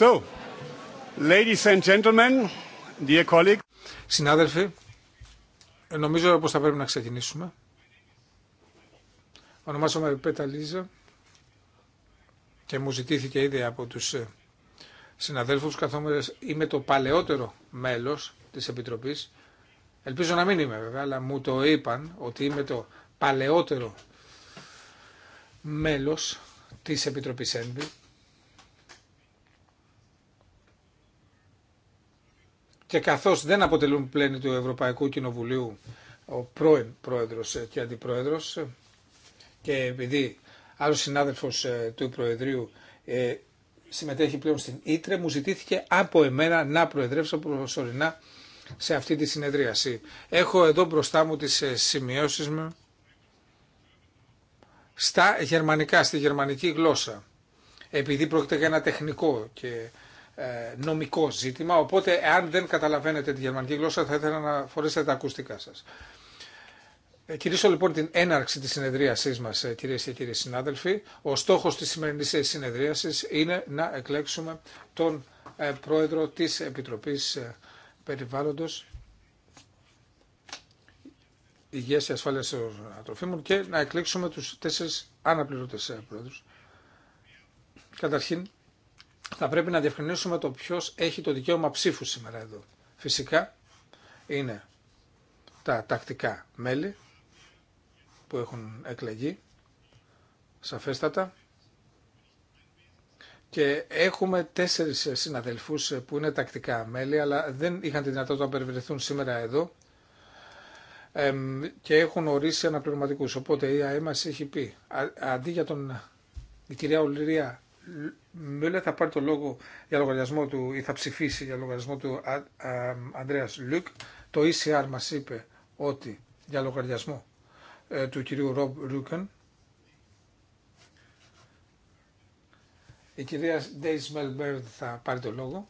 So, ladies and gentlemen, dear colleagues. Συνάδελφοι, νομίζω πως θα πρέπει να ξεκινήσουμε. Ονομάζομαι Πέτα Λίζα και μου ζητήθηκε ήδη από τους ε, συναδέλφους καθόμενες είμαι το παλαιότερο μέλος της Επιτροπής. Ελπίζω να μην είμαι βέβαια, αλλά μου το είπαν ότι είμαι το παλαιότερο μέλος της Επιτροπής ΕΝΒΗ και καθώς δεν αποτελούν πλένη του Ευρωπαϊκού Κοινοβουλίου ο πρώην πρόεδρος και αντιπρόεδρος και επειδή άλλος συνάδελφος ε, του Προεδρίου ε, συμμετέχει πλέον στην Ήτρε, μου ζητήθηκε από εμένα να προεδρεύσω προσωρινά σε αυτή τη συνεδρίαση. Έχω εδώ μπροστά μου τις ε, σημειώσεις μου στα γερμανικά, στη γερμανική γλώσσα. Επειδή πρόκειται για ένα τεχνικό και ε, νομικό ζήτημα, οπότε αν δεν καταλαβαίνετε τη γερμανική γλώσσα θα ήθελα να φορέσετε τα ακουστικά σας. Ε, Κυρίσω λοιπόν την έναρξη της συνεδρίασής μας ε, κυρίες και κύριοι συνάδελφοι. Ο στόχος της σημερινής συνεδρίασης είναι να εκλέξουμε τον πρόεδρο της Επιτροπής Περιβάλλοντος Υγείας και Ασφάλειας των Τροφίμων και να εκλέξουμε του τέσσερι αναπληρωτέ προεδρού. Καταρχήν θα πρέπει να διευκρινίσουμε το ποιο έχει το δικαίωμα ψήφου σήμερα εδώ. Φυσικά είναι τα τακτικά μέλη που έχουν εκλεγεί, σαφέστατα. Και έχουμε τέσσερις συναδελφούς που είναι τακτικά μέλη, αλλά δεν είχαν τη δυνατότητα να περιβρεθούν σήμερα εδώ και έχουν ορίσει αναπληρωματικούς. Οπότε η ΑΕ μας έχει πει, αντί για τον η κυρία Ολυρία Μιλέ θα πάρει το λόγο για λογαριασμό του ή θα ψηφίσει για λογαριασμό του Ανδρέας Λουκ. Το ECR μας είπε ότι για λογαριασμό ε, του κυρίου Ρομπ Ρούκεν η κυρία Ντέις Μελμπέρντ θα πάρει το λόγο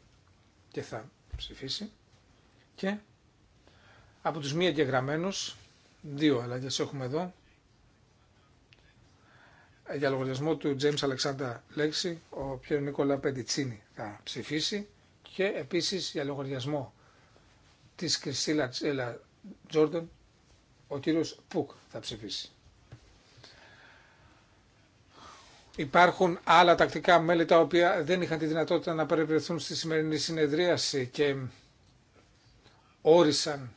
και θα ψηφίσει και από τους μη εγγεγραμμένους δύο αλλαγές έχουμε εδώ για λογαριασμό του James Alexander Λέξη, ο Πιέρο Νίκολα Πεντιτσίνη θα ψηφίσει και επίσης για λογαριασμό της Κριστίλα Τσέλα ο κύριος Πουκ θα ψηφίσει. Υπάρχουν άλλα τακτικά μέλη τα οποία δεν είχαν τη δυνατότητα να παρευρεθούν στη σημερινή συνεδρίαση και όρισαν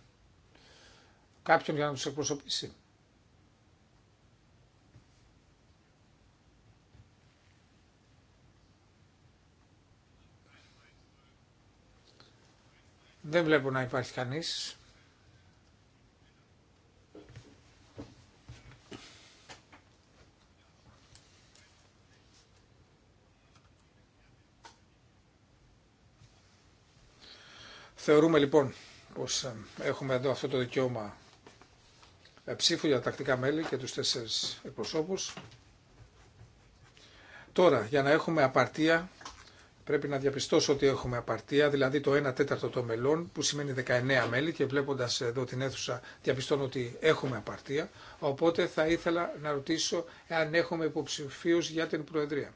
κάποιον για να τους εκπροσωπήσει. Δεν βλέπω να υπάρχει κανείς. Θεωρούμε λοιπόν πως ε, έχουμε εδώ αυτό το δικαίωμα ε, ψήφου για τακτικά μέλη και τους τέσσερις εκπροσώπους. Τώρα, για να έχουμε απαρτία πρέπει να διαπιστώσω ότι έχουμε απαρτία, δηλαδή το 1 τέταρτο των μελών, που σημαίνει 19 μέλη και βλέποντας εδώ την αίθουσα διαπιστώνω ότι έχουμε απαρτία. Οπότε θα ήθελα να ρωτήσω αν έχουμε υποψηφίους για την Προεδρία.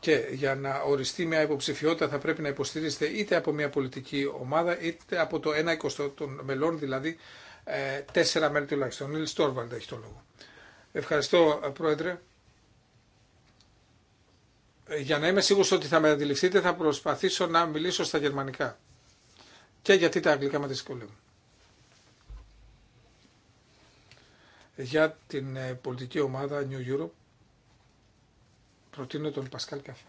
Και για να οριστεί μια υποψηφιότητα θα πρέπει να υποστηρίζεται είτε από μια πολιτική ομάδα είτε από το 1 20 των μελών, δηλαδή 4 ε, μέλη τουλάχιστον. Νίλ Στόρβαλντ έχει το λόγο. Ευχαριστώ, Πρόεδρε για να είμαι σίγουρος ότι θα με αντιληφθείτε θα προσπαθήσω να μιλήσω στα γερμανικά. Και γιατί τα αγγλικά με δυσκολεύουν. Για την ε, πολιτική ομάδα New Europe προτείνω τον Πασκάλ Καφέ.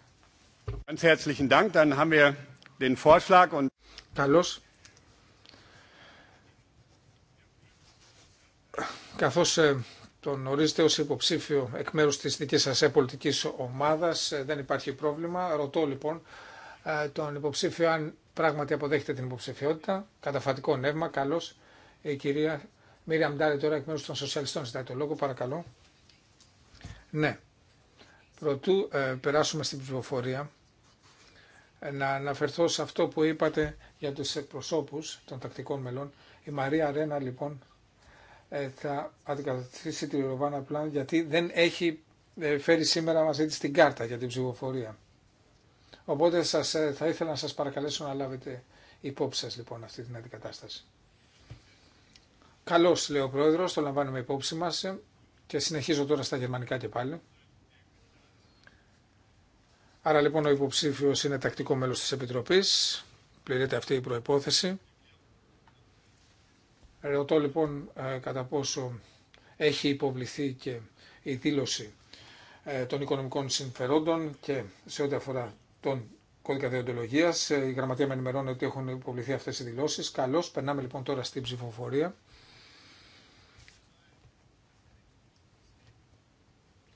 Καλώς. Καθώς ε, τον ορίζετε ως υποψήφιο εκ μέρους της δικής σας πολιτικής ομάδας. Ε, δεν υπάρχει πρόβλημα. Ρωτώ λοιπόν ε, τον υποψήφιο αν πράγματι αποδέχεται την υποψηφιότητα. Καταφατικό νεύμα. Καλώς. Η κυρία Μύρια Μντάρη τώρα εκ μέρους των σοσιαλιστών ζητάει το λόγο. Παρακαλώ. Ναι. Πρωτού ε, περάσουμε στην πληροφορία. να αναφερθώ σε αυτό που είπατε για τους εκπροσώπους των τακτικών μελών. Η Μαρία Ρένα λοιπόν ε, θα αντικαταστήσει τη Ροβάνα Πλάν γιατί δεν έχει ε, φέρει σήμερα μαζί της την κάρτα για την ψηφοφορία. Οπότε ε, θα ήθελα να σας παρακαλέσω να λάβετε υπόψη σας λοιπόν αυτή την αντικατάσταση. Καλώς λέει ο Πρόεδρος, το λαμβάνουμε υπόψη μας και συνεχίζω τώρα στα γερμανικά και πάλι. Άρα λοιπόν ο υποψήφιος είναι τακτικό μέλος της Επιτροπής, πληρείται αυτή η προϋπόθεση. Ρωτώ λοιπόν ε, κατά πόσο έχει υποβληθεί και η δήλωση ε, των οικονομικών συμφερόντων και σε ό,τι αφορά τον κώδικα διοντολογία. Ε, η γραμματεία με ενημερώνει ότι έχουν υποβληθεί αυτέ οι δηλώσει. Καλώ. Περνάμε λοιπόν τώρα στην ψηφοφορία.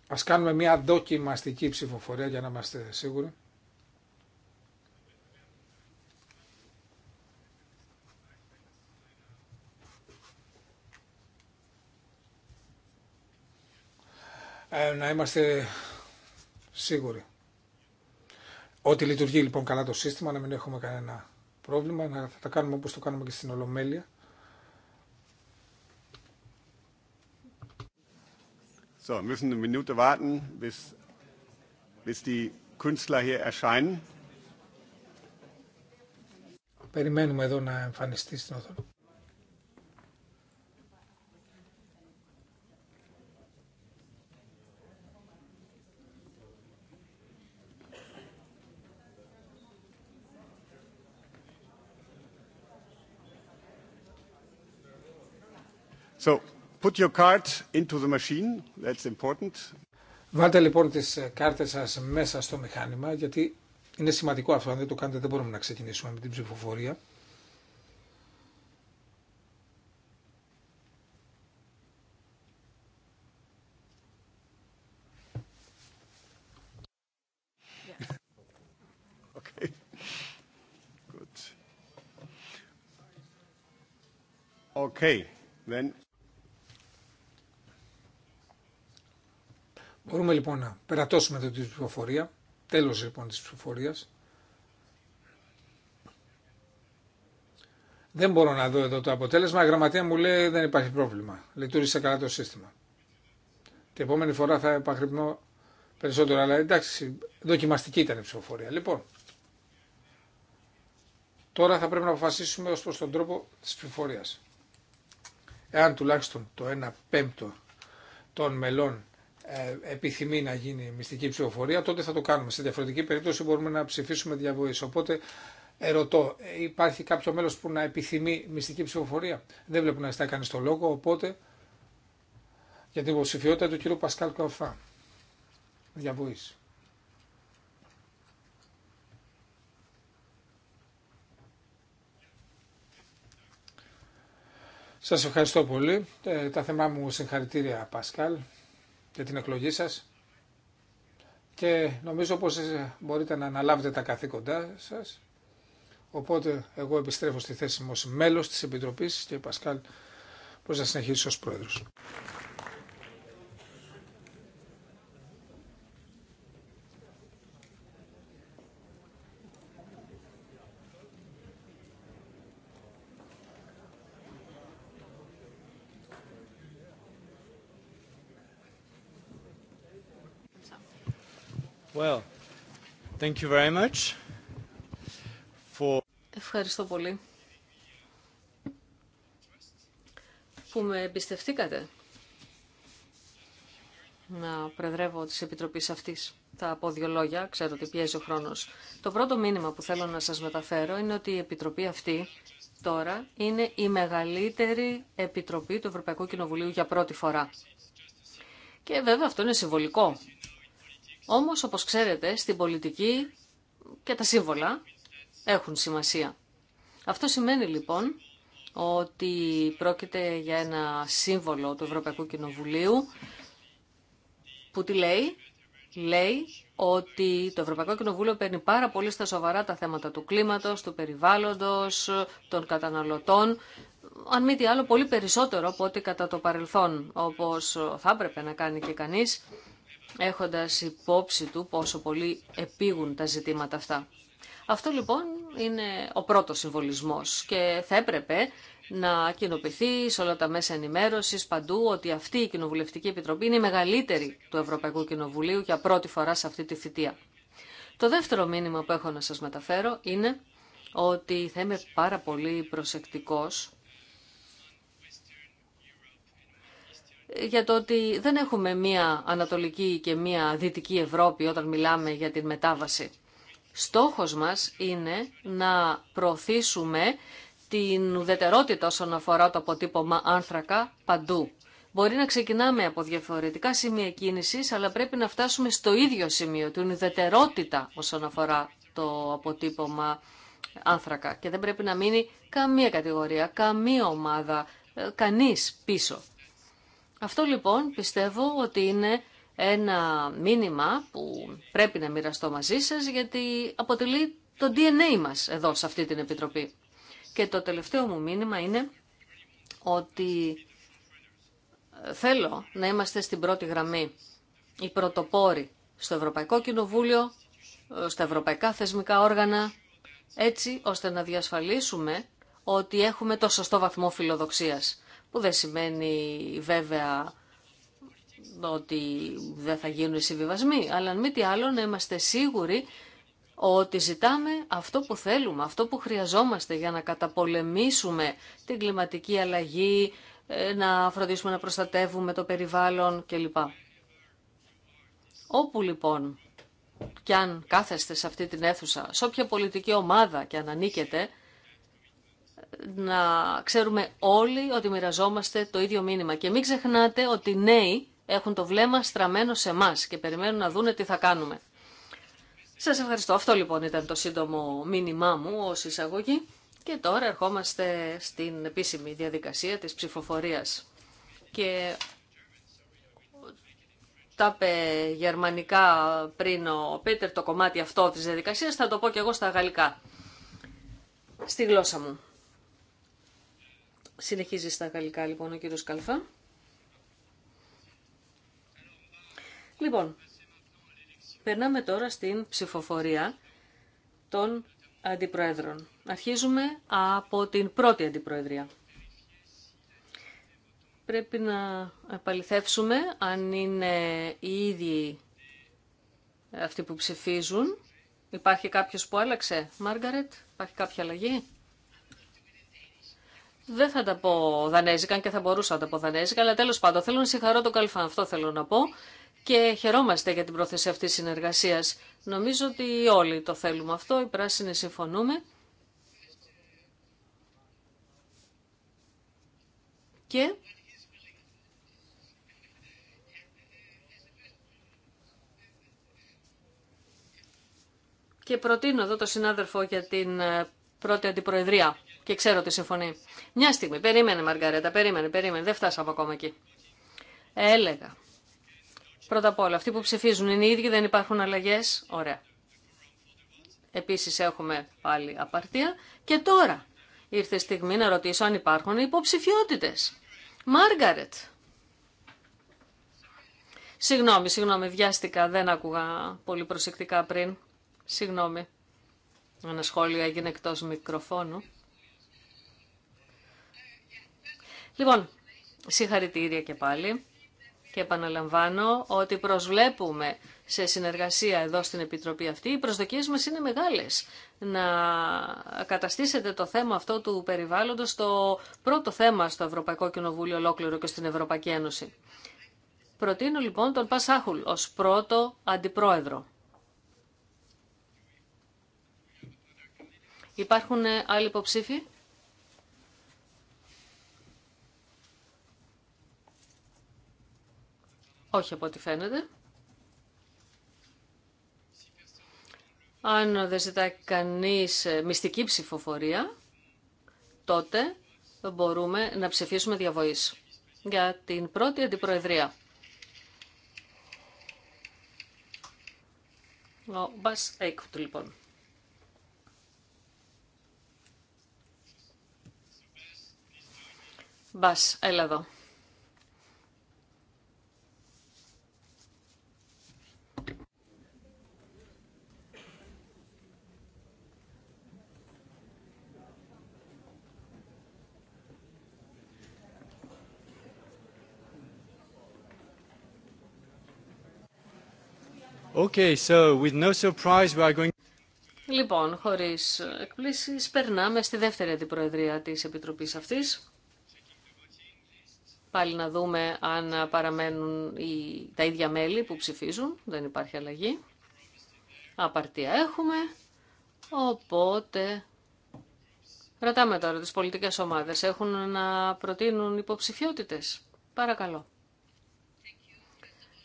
Ας κάνουμε μια δοκιμαστική ψηφοφορία για να είμαστε σίγουροι. Ε, να είμαστε σίγουροι ότι λειτουργεί λοιπόν καλά το σύστημα, να μην έχουμε κανένα πρόβλημα, να τα κάνουμε όπως το κάνουμε και στην Ολομέλεια. So, müssen eine Minute Περιμένουμε εδώ να εμφανιστεί στην οθόνη. So, put your card into the machine. That's important. Βάλτε λοιπόν τις ε, κάρτες σας μέσα στο μηχάνημα, γιατί είναι σημαντικό αυτό. Αν δεν το κάνετε δεν μπορούμε να ξεκινήσουμε με την ψηφοφορία. Okay, then Μπορούμε λοιπόν να περατώσουμε την ψηφοφορία. Τέλος λοιπόν της ψηφοφορίας. Δεν μπορώ να δω εδώ το αποτέλεσμα. Η γραμματεία μου λέει δεν υπάρχει πρόβλημα. Λειτουργήσε καλά το σύστημα. Την επόμενη φορά θα επαγρυπνώ περισσότερο. Αλλά εντάξει, δοκιμαστική ήταν η ψηφοφορία. Λοιπόν, τώρα θα πρέπει να αποφασίσουμε ως προς τον τρόπο της ψηφοφορίας. Εάν τουλάχιστον το 1 πέμπτο των μελών ε, επιθυμεί να γίνει μυστική ψηφοφορία, τότε θα το κάνουμε. Σε διαφορετική περίπτωση μπορούμε να ψηφίσουμε διαβοή. Οπότε ερωτώ, ε, υπάρχει κάποιο μέλος που να επιθυμεί μυστική ψηφοφορία. Δεν βλέπω να ζητάει κανεί το λόγο, οπότε για την υποψηφιότητα του κυρίου Πασκάλ Καφά. Διαβοή. Σας ευχαριστώ πολύ. Ε, τα θεμά μου συγχαρητήρια Πασκάλ για την εκλογή σας και νομίζω πως μπορείτε να αναλάβετε τα καθήκοντά σας. Οπότε εγώ επιστρέφω στη θέση μου ως μέλος της Επιτροπής και Πασκάλ πώς να συνεχίσει ως πρόεδρος. Well, thank you very much for... Ευχαριστώ πολύ που με εμπιστευτήκατε να προεδρεύω της Επιτροπής αυτής. Θα πω δύο λόγια, ξέρω ότι πιέζει ο χρόνος. Το πρώτο μήνυμα που θέλω να σας μεταφέρω είναι ότι η Επιτροπή αυτή τώρα είναι η μεγαλύτερη Επιτροπή του Ευρωπαϊκού Κοινοβουλίου για πρώτη φορά. Και βέβαια αυτό είναι συμβολικό, όμως, όπως ξέρετε, στην πολιτική και τα σύμβολα έχουν σημασία. Αυτό σημαίνει λοιπόν ότι πρόκειται για ένα σύμβολο του Ευρωπαϊκού Κοινοβουλίου που τι λέει, λέει ότι το Ευρωπαϊκό Κοινοβούλιο παίρνει πάρα πολύ στα σοβαρά τα θέματα του κλίματος, του περιβάλλοντος, των καταναλωτών, αν μη τι άλλο πολύ περισσότερο από ό,τι κατά το παρελθόν, όπως θα έπρεπε να κάνει και κανείς έχοντας υπόψη του πόσο πολύ επίγουν τα ζητήματα αυτά. Αυτό λοιπόν είναι ο πρώτος συμβολισμός και θα έπρεπε να κοινοποιηθεί σε όλα τα μέσα ενημέρωσης παντού ότι αυτή η Κοινοβουλευτική Επιτροπή είναι η μεγαλύτερη του Ευρωπαϊκού Κοινοβουλίου για πρώτη φορά σε αυτή τη θητεία. Το δεύτερο μήνυμα που έχω να σας μεταφέρω είναι ότι θα είμαι πάρα πολύ προσεκτικός για το ότι δεν έχουμε μία Ανατολική και μία Δυτική Ευρώπη όταν μιλάμε για την μετάβαση. Στόχος μας είναι να προωθήσουμε την ουδετερότητα όσον αφορά το αποτύπωμα άνθρακα παντού. Μπορεί να ξεκινάμε από διαφορετικά σημεία κίνησης, αλλά πρέπει να φτάσουμε στο ίδιο σημείο, την ουδετερότητα όσον αφορά το αποτύπωμα άνθρακα. Και δεν πρέπει να μείνει καμία κατηγορία, καμία ομάδα, ε, κανείς πίσω. Αυτό λοιπόν πιστεύω ότι είναι ένα μήνυμα που πρέπει να μοιραστώ μαζί σας γιατί αποτελεί το DNA μας εδώ σε αυτή την Επιτροπή. Και το τελευταίο μου μήνυμα είναι ότι ε, θέλω να είμαστε στην πρώτη γραμμή, οι πρωτοπόροι στο Ευρωπαϊκό Κοινοβούλιο, ε, στα ευρωπαϊκά θεσμικά όργανα, έτσι ώστε να διασφαλίσουμε ότι έχουμε το σωστό βαθμό φιλοδοξίας που δεν σημαίνει βέβαια ότι δεν θα γίνουν οι συμβιβασμοί, αλλά αν μη τι άλλο να είμαστε σίγουροι ότι ζητάμε αυτό που θέλουμε, αυτό που χρειαζόμαστε για να καταπολεμήσουμε την κλιματική αλλαγή, ε, να φροντίσουμε να προστατεύουμε το περιβάλλον κλπ. Όπου λοιπόν και αν κάθεστε σε αυτή την αίθουσα, σε όποια πολιτική ομάδα και αν ανήκετε, να ξέρουμε όλοι ότι μοιραζόμαστε το ίδιο μήνυμα. Και μην ξεχνάτε ότι οι νέοι έχουν το βλέμμα στραμμένο σε εμά και περιμένουν να δούνε τι θα κάνουμε. Σας ευχαριστώ. Αυτό λοιπόν ήταν το σύντομο μήνυμά μου ως εισαγωγή. Και τώρα ερχόμαστε στην επίσημη διαδικασία της ψηφοφορίας. Και τα είπε γερμανικά πριν ο Πέτερ το κομμάτι αυτό της διαδικασίας, θα το πω και εγώ στα γαλλικά, στη γλώσσα μου. Συνεχίζει στα γαλλικά λοιπόν ο κύριος Καλφά. Λοιπόν, περνάμε τώρα στην ψηφοφορία των αντιπροέδρων. Αρχίζουμε από την πρώτη αντιπροεδρία. Πρέπει να επαληθεύσουμε αν είναι οι ίδιοι αυτοί που ψηφίζουν. Υπάρχει κάποιος που άλλαξε, Μάργαρετ, υπάρχει κάποια αλλαγή. Δεν θα τα πω δανέζικα, και θα μπορούσα να τα πω δανέζικα, αλλά τέλος πάντων θέλω να συγχαρώ τον Καλφάν, αυτό θέλω να πω. Και χαιρόμαστε για την πρόθεση αυτής της συνεργασίας. Νομίζω ότι όλοι το θέλουμε αυτό, οι πράσινοι συμφωνούμε. Και Και προτείνω εδώ το συνάδελφο για την ε, πρώτη αντιπροεδρία. Και ξέρω ότι συμφωνεί. Μια στιγμή, περίμενε Μαργαρέτα, περίμενε, περίμενε, δεν φτάσαμε ακόμα εκεί. Έλεγα. Πρώτα απ' όλα, αυτοί που ψηφίζουν είναι οι ίδιοι, δεν υπάρχουν αλλαγέ. Ωραία. Επίση έχουμε πάλι απαρτία. Και τώρα ήρθε η στιγμή να ρωτήσω αν υπάρχουν υποψηφιότητε. Μάργαρετ. Συγγνώμη, συγγνώμη, βιάστηκα, δεν άκουγα πολύ προσεκτικά πριν. Συγγνώμη. Ένα σχόλιο έγινε εκτό μικροφώνου. Λοιπόν, συγχαρητήρια και πάλι και επαναλαμβάνω ότι προσβλέπουμε σε συνεργασία εδώ στην Επιτροπή αυτή. Οι προσδοκίες μας είναι μεγάλες να καταστήσετε το θέμα αυτό του περιβάλλοντος το πρώτο θέμα στο Ευρωπαϊκό Κοινοβούλιο ολόκληρο και στην Ευρωπαϊκή Ένωση. Προτείνω λοιπόν τον Πασάχουλ ως πρώτο αντιπρόεδρο. Υπάρχουν άλλοι υποψήφοι? Όχι από ό,τι φαίνεται. Αν δεν ζητάει κανείς μυστική ψηφοφορία, τότε μπορούμε να ψηφίσουμε διαβοής για την πρώτη αντιπροεδρία. Ο Μπας του λοιπόν. Μπας, έλα εδώ. Λοιπόν, χωρίς εκπλήσεις, περνάμε στη δεύτερη αντιπροεδρία της Επιτροπής αυτής. Πάλι να δούμε αν παραμένουν οι, τα ίδια μέλη που ψηφίζουν. Δεν υπάρχει αλλαγή. Απαρτία έχουμε. Οπότε... Ρωτάμε τώρα τις πολιτικές ομάδες. Έχουν να προτείνουν υποψηφιότητες. Παρακαλώ.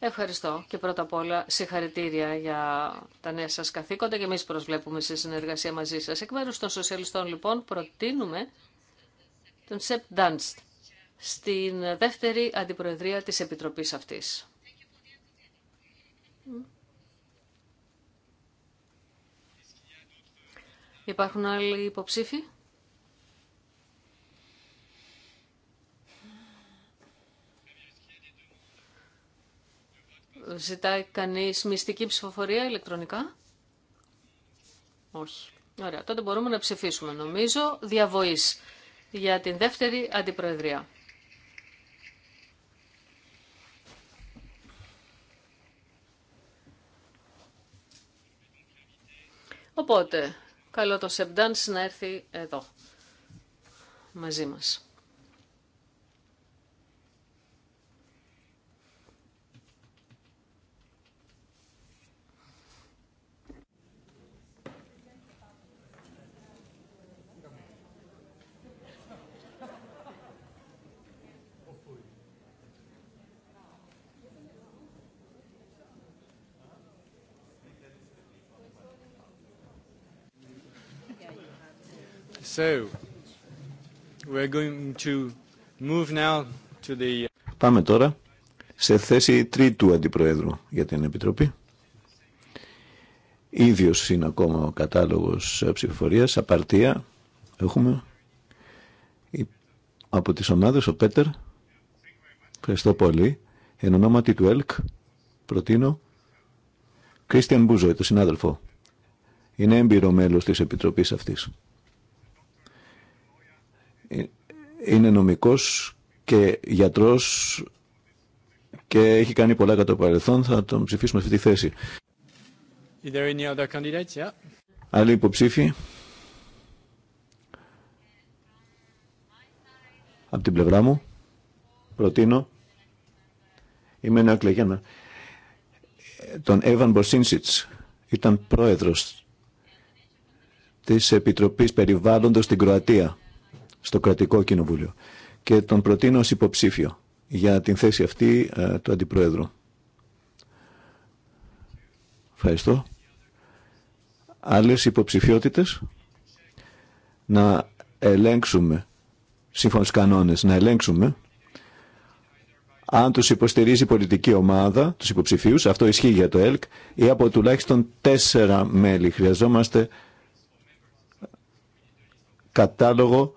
Ευχαριστώ και πρώτα απ' όλα συγχαρητήρια για τα νέα σας καθήκοντα και εμείς προσβλέπουμε σε συνεργασία μαζί σας. Εκ μέρους των σοσιαλιστών λοιπόν προτείνουμε τον Σεπ Ντάνστ στην δεύτερη αντιπροεδρία της Επιτροπής αυτής. Υπάρχουν άλλοι υποψήφοι? Ζητάει κανείς μυστική ψηφοφορία ηλεκτρονικά. Όχι. Ωραία. Τότε μπορούμε να ψηφίσουμε, νομίζω, διαβοής για την δεύτερη αντιπροεδρία. Οπότε, καλό το Σεμπτάνς να έρθει εδώ μαζί μας. Πάμε τώρα σε θέση τρίτου αντιπροέδρου για την Επιτροπή. Ίδιος είναι ακόμα ο κατάλογος ψηφοφορίας, απαρτία. Έχουμε από τις ομάδες ο Πέτερ. Ευχαριστώ πολύ. Εν ονόματι του ΕΛΚ προτείνω Κρίστιαν Μπούζο, το συνάδελφο. Είναι έμπειρο μέλος της Επιτροπής αυτής είναι νομικός και γιατρός και έχει κάνει πολλά κατά το παρελθόν. Θα τον ψηφίσουμε αυτή τη θέση. Yeah. Άλλοι υποψήφοι. Από την πλευρά μου προτείνω είμαι νεοεκλεγένα τον Εύαν Μποσίνσιτς ήταν πρόεδρος της Επιτροπής Περιβάλλοντος στην Κροατία στο κρατικό κοινοβούλιο και τον προτείνω ως υποψήφιο για την θέση αυτή ε, του Αντιπρόεδρου. Ευχαριστώ. Άλλες υποψηφιότητες να ελέγξουμε σύμφωνα στους κανόνες, να ελέγξουμε αν τους υποστηρίζει η πολιτική ομάδα, τους υποψηφίους, αυτό ισχύει για το ΕΛΚ, ή από τουλάχιστον τέσσερα μέλη. Χρειαζόμαστε κατάλογο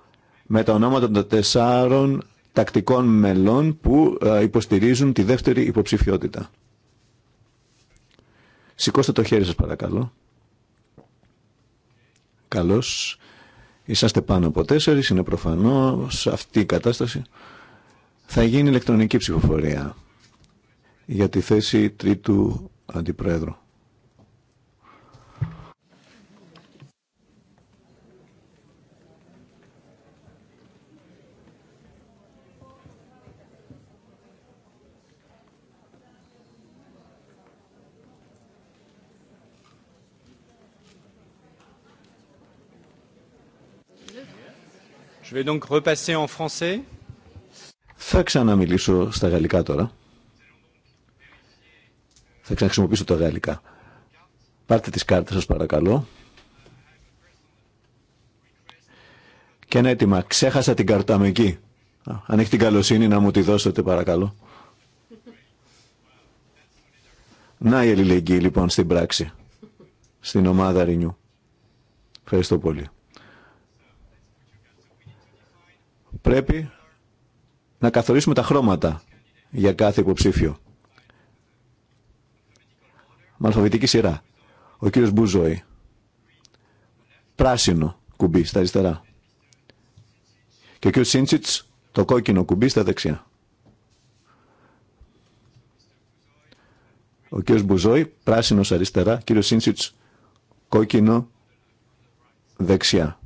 με τα ονόματα των τεσσάρων τακτικών μελών που ε, υποστηρίζουν τη δεύτερη υποψηφιότητα. Σηκώστε το χέρι σας παρακαλώ. Καλώς. Είσαστε πάνω από τέσσερις, είναι προφανώς αυτή η κατάσταση. Θα γίνει ηλεκτρονική ψηφοφορία για τη θέση τρίτου αντιπρόεδρου. Θα ξαναμιλήσω στα γαλλικά τώρα. Θα ξαναχρησιμοποιήσω τα γαλλικά. Πάρτε τις κάρτες σας παρακαλώ. Και ένα έτοιμα. Ξέχασα την κάρτα μου εκεί. Αν έχει την καλοσύνη να μου τη δώσετε παρακαλώ. Να η ελληνεγκή λοιπόν στην πράξη. Στην ομάδα Ρινιού. Ευχαριστώ πολύ. πρέπει να καθορίσουμε τα χρώματα για κάθε υποψήφιο. Με αλφαβητική σειρά. Ο κύριος Μπουζόη. Πράσινο κουμπί στα αριστερά. Και ο κύριος Σίντσιτς το κόκκινο κουμπί στα δεξιά. Ο κύριος Μπουζόη, πράσινος αριστερά, κύριος Σίντσιτς, κόκκινο δεξιά.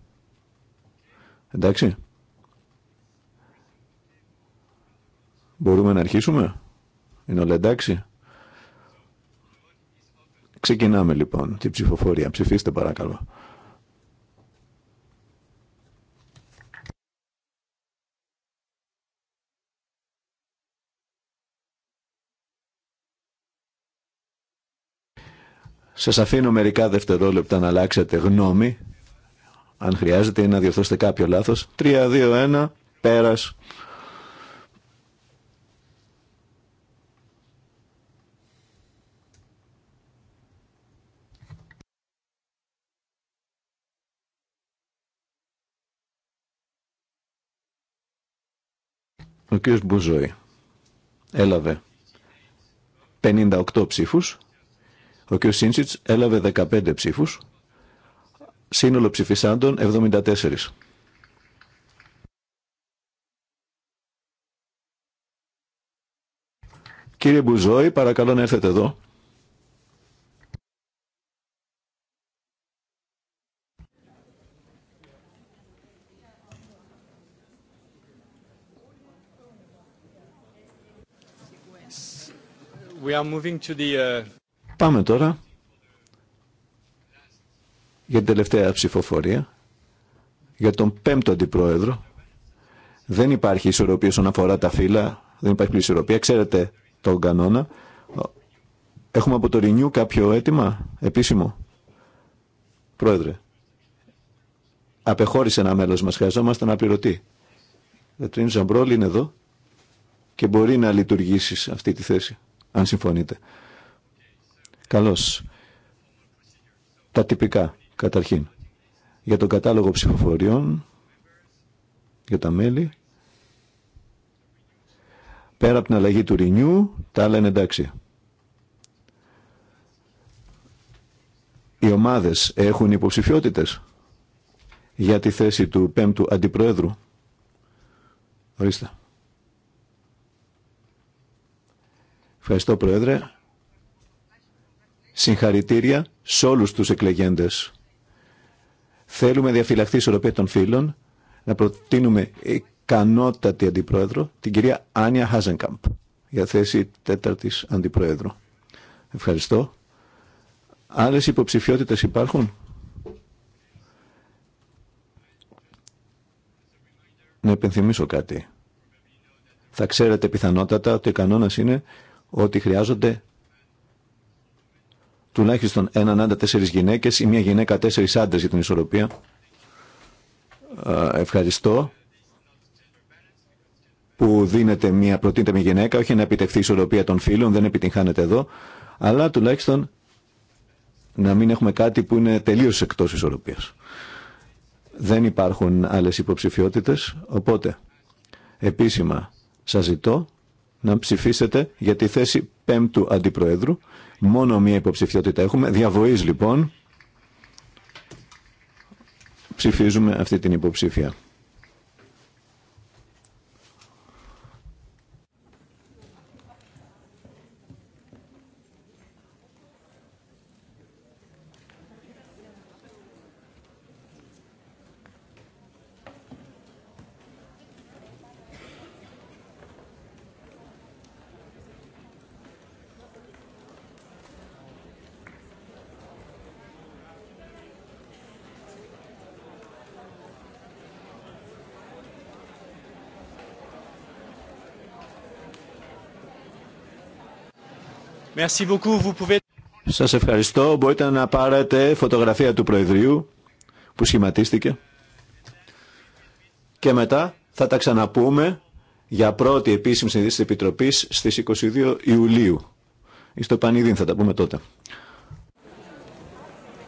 Εντάξει. Μπορούμε να αρχίσουμε. Είναι όλα εντάξει. Ξεκινάμε λοιπόν την ψηφοφορία. Ψηφίστε παρακαλώ. Σας αφήνω μερικά δευτερόλεπτα να αλλάξετε γνώμη. Αν χρειάζεται ή να διορθώσετε κάποιο λάθος. 3, 2, 1, πέρας. Ο κ. Μπουζόη έλαβε 58 ψήφους, ο κ. Σίντσιτς έλαβε 15 ψήφους, σύνολο ψηφισάντων 74. Κύριε Μπουζόη, παρακαλώ να έρθετε εδώ. We are moving to the... Uh, Πάμε τώρα για την τελευταία ψηφοφορία για τον πέμπτο αντιπρόεδρο. Δεν υπάρχει ισορροπία όσον αφορά τα φύλλα, δεν υπάρχει πλήρη ισορροπία. Ξέρετε τον κανόνα. Έχουμε από το Ρινιού κάποιο αίτημα επίσημο. Πρόεδρε, απεχώρησε ένα μέλος μας, χρειαζόμαστε να πληρωτεί. Ο Ζαμπρόλ είναι εδώ και μπορεί να λειτουργήσει σε αυτή τη θέση αν συμφωνείτε. Καλώς. Τα τυπικά, καταρχήν. Για τον κατάλογο ψηφοφοριών, για τα μέλη, πέρα από την αλλαγή του ΡΙΝΙΟΥ τα άλλα είναι εντάξει. Οι ομάδες έχουν υποψηφιότητες για τη θέση του πέμπτου αντιπρόεδρου. Ορίστε. Ευχαριστώ, Πρόεδρε. Συγχαρητήρια σε όλους τους εκλεγέντες. Θέλουμε διαφυλαχθεί ισορροπία των φίλων, να προτείνουμε ικανότατη αντιπρόεδρο, την κυρία Άνια Χάζενκαμπ, για θέση τέταρτης αντιπρόεδρου. Ευχαριστώ. Άλλες υποψηφιότητες υπάρχουν? Να υπενθυμίσω κάτι. Θα ξέρετε πιθανότατα ότι ο κανόνας είναι ότι χρειάζονται τουλάχιστον έναν άντα τέσσερις γυναίκες ή μια γυναίκα τέσσερις άντρες για την ισορροπία. Ευχαριστώ που δίνεται μια, προτείνεται μια γυναίκα, όχι να επιτευχθεί η ισορροπία των φίλων, δεν επιτυγχάνεται εδώ, αλλά τουλάχιστον να μην έχουμε κάτι που είναι τελείως εκτός ισορροπίας. Δεν υπάρχουν άλλες υποψηφιότητες, οπότε επίσημα σας ζητώ να ψηφίσετε για τη θέση πέμπτου αντιπροέδρου. Μόνο μία υποψηφιότητα έχουμε. Διαβοής λοιπόν. Ψηφίζουμε αυτή την υποψήφια. Σας ευχαριστώ. Μπορείτε να πάρετε φωτογραφία του Προεδρίου που σχηματίστηκε. Και μετά θα τα ξαναπούμε για πρώτη επίσημη συνειδήση της Επιτροπής στις 22 Ιουλίου. Στο Πανίδιν θα τα πούμε τότε.